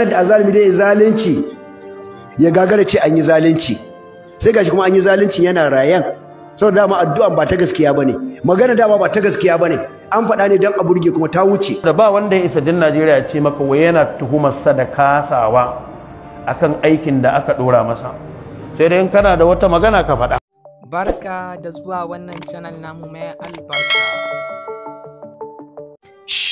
ranar da azalimi dai zalunci ya gagara ce an yi zalunci sai gashi kuma an yi zalunci yana rayan saboda dama addu'a ba ta gaskiya bane magana dama ba ta gaskiya bane an faɗa ne don a burge kuma ta wuce da ba wanda ya isa din Najeriya ya ce maka wai yana tuhumar sa da kasawa akan aikin da aka dora masa sai dai in kana da wata magana ka faɗa barka da zuwa wannan channel namu mai albarka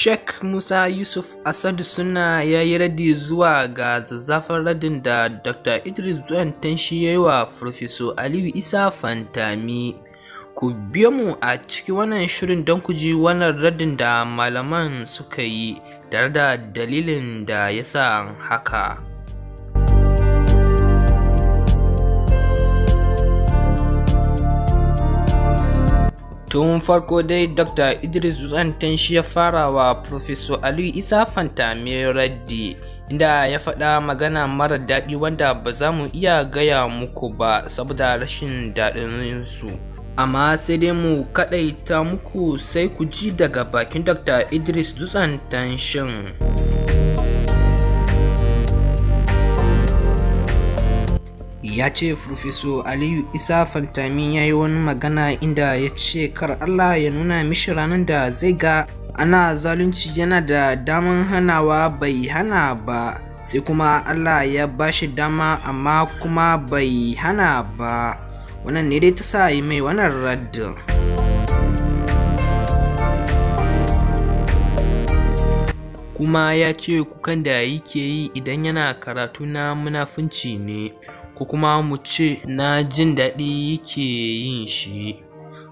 Sheikh Musa Yusuf Asadu suna ya yi radi zuwa ga zazzafan radin da Dr. Idris Zuwan Tanshi ya yi wa Profeso Aliyu Isa Fantami. Ku biyo mu a ciki wannan shirin don ku ji wannan radin da malaman suka yi tare da dalilin da ya sa haka. tun farko dai dr idris zantan shi ya fara wa professor aliyu isa fanta mai inda ya faɗa magana mara daɗi wanda ba za mu iya gaya muku ba saboda rashin daɗin su amma sai dai mu ta muku sai ku ji daga bakin dr idris dutsen tanshin ya ce Furfeso Aliyu Isa Fantami ya yi wani magana inda ya ce kar Allah ya nuna mishi ranar da zai ga ana zalunci yana da daman hanawa bai hana ba sai kuma Allah ya ba shi dama amma kuma bai hana ba wannan ne dai ta sa yi mai wannan raddin. kuma ya ce kukan da yake yi idan yana karatu na munafunci ne ko kuma mu ce na jin daɗi yake yin shi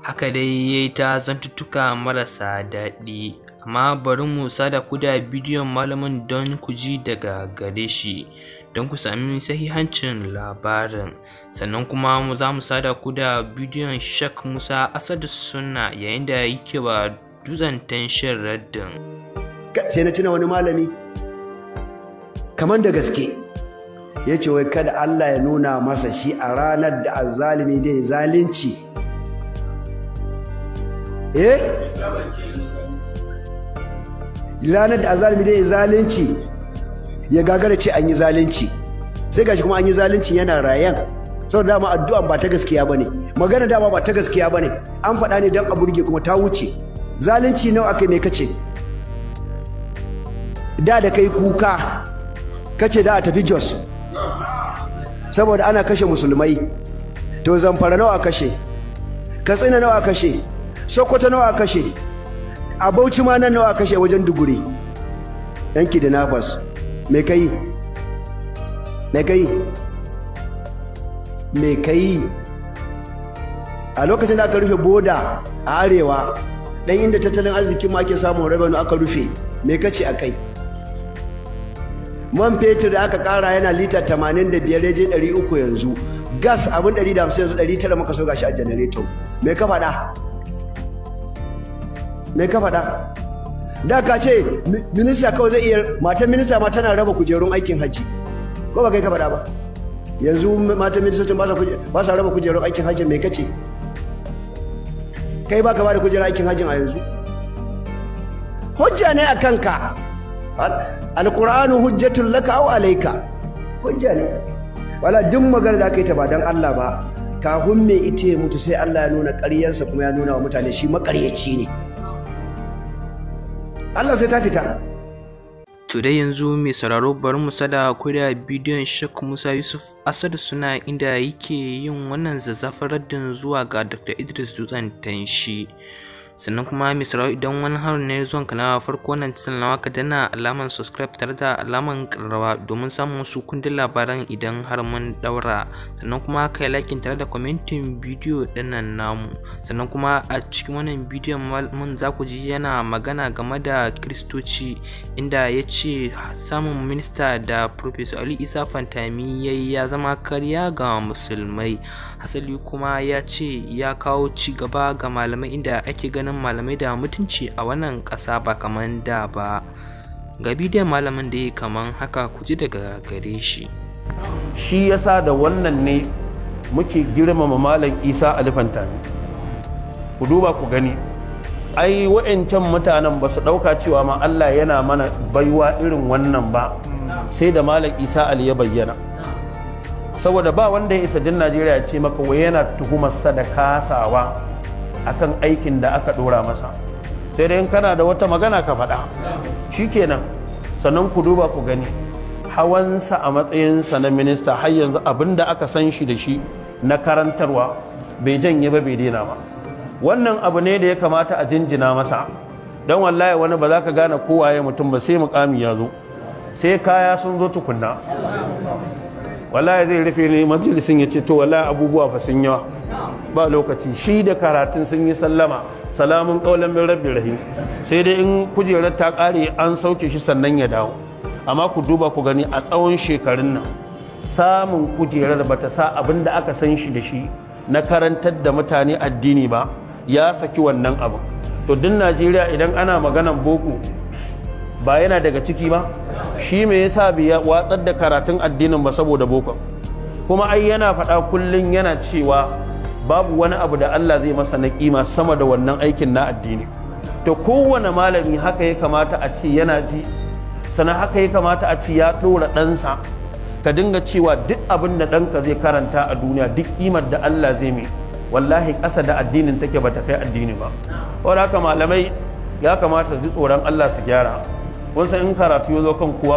haka dai ya yi ta zantuttuka marasa daɗi amma bari mu sada ku da bidiyon malamin don ku ji daga gare shi don ku sami sahihancin labarin sannan kuma mu za mu sada ku da bidiyon shak musa asadu suna yayin da yake ba dutsen tanshin raddin sai na cina wani malami kamar da gaske ya ce wai kada Allah ya nuna masa shi a ranar da azzalimi dai zalunci eh ranar da azzalimi ya zalunci ya gagara ce an yi zalunci sai gashi kuma an yi zalunci yana rayan da dama addu'an ba ta gaskiya ba ne, magana dama ba ta gaskiya ba ne. an faɗa ne don a burge kuma ta wuce zalunci nawa aka mai kace da da kai kuka kace da a tafi Jos saboda ana kashe musulmai to zamfara nawa kashe katsina nawa kashe sokoto nawa kashe a bauchi ma nan nawa kashe wajen duguri yanki da nafas me kai me kai me kai a lokacin da aka rufe boda a arewa ɗan inda tattalin arziki ma ake samun rabanu aka rufe me kace a kai man fetur da aka kara yana lita 85 ya je 300 yanzu gas abin 150 yanzu 900 muka so gashi a janareto me ka faɗa me ka faɗa da ka ce minista kawai zai iya matan minista ma tana raba kujerun aikin hajji ko ba kai ka faɗa ba yanzu matan ministocin ba sa raba kujerun aikin hajji me kace kai ba ka ba da kujerun aikin hajji a yanzu hujja ne a kanka Alƙur'anu hujjatun laka au alaika hujja ne wala duk magana da kai ta ba dan Allah ba kafin me ite mutu sai Allah ya nuna ƙaryarsa kuma ya nuna wa mutane shi makaryaci ne Allah sai ta fita Today yanzu mai sauraro bari mu sada kuriya bidiyon Sheikh Musa Yusuf Asad suna inda yake yin wannan zazzafin raddin zuwa ga Dr. Idris Dutsen Tanshi. sannan kuma misrau idan wani harin ne zuwan ka farko wannan channel nawa ka danna alamar subscribe tare da alamar karrawa domin samun su kundin labaran idan har mun daura sannan kuma ka yi tare da commenting bidiyo nan namu sannan kuma a cikin wannan bidiyon mun za ku ji yana magana game da kristoci inda ya ce samun minista da professor ali isa fantami yayi ya zama karya ga musulmai hasali kuma ya ce ya kawo ci gaba ga malamai inda ake ganin ganin malamai da mutunci a wannan ƙasa ba kaman da ba ga bidiyon malamin da ya kaman haka ku ji daga gare shi shi yasa da wannan ne muke girmama malam isa alifantani ku duba ku gani ai wa'ancan mutanen ba su ɗauka cewa ma Allah yana mana baiwa irin wannan ba sai da malam isa ali ya bayyana saboda ba wanda ya isa din najeriya ce maka wai yana tuhumar sa da kasawa akan aikin da aka dora masa sai dai kana da wata magana ka faɗa shi kenan sannan ku duba ku gani hawan sa a matsayin sa na minista har yanzu abin da aka san shi da shi na karantarwa bai janye ba bai daina ba wannan abu ne da ya kamata a jinjina masa don wallahi wani ba za ka gane kowaye mutum ba sai mukami ya zo sai kaya sun zo tukunna wallahi zai rufe ne majalisin ya ce to wallahi abubuwa fa sun yawa ba lokaci shi da karatun sun yi sallama salamun ƙaunar min rabbi rahim sai dai in kujerar ta ƙare an sauke shi sannan ya dawo amma ku duba ku gani a tsawon shekarun nan samun kujerar ba ta sa abin da aka san shi da shi na karantar da mutane addini ba ya saki wannan abu to duk najeriya idan ana maganan boko ba yana daga ciki ba shi me yasa bai watsar da karatun addinin ba saboda boko kuma ai yana faɗa kullum yana cewa babu wani abu da Allah zai masa na kima sama da wannan aikin na addini to kowane malami haka ya kamata a ce yana ji sana haka ya kamata a ce ya ɗora ɗansa ka dinga cewa duk abin da ɗanka zai karanta a duniya duk kimar da Allah zai mai wallahi ƙasa da addinin take ba ta kai addini ba wadda haka malamai ya kamata su tsoron Allah su gyara wasu in karatu ya zo kan kowa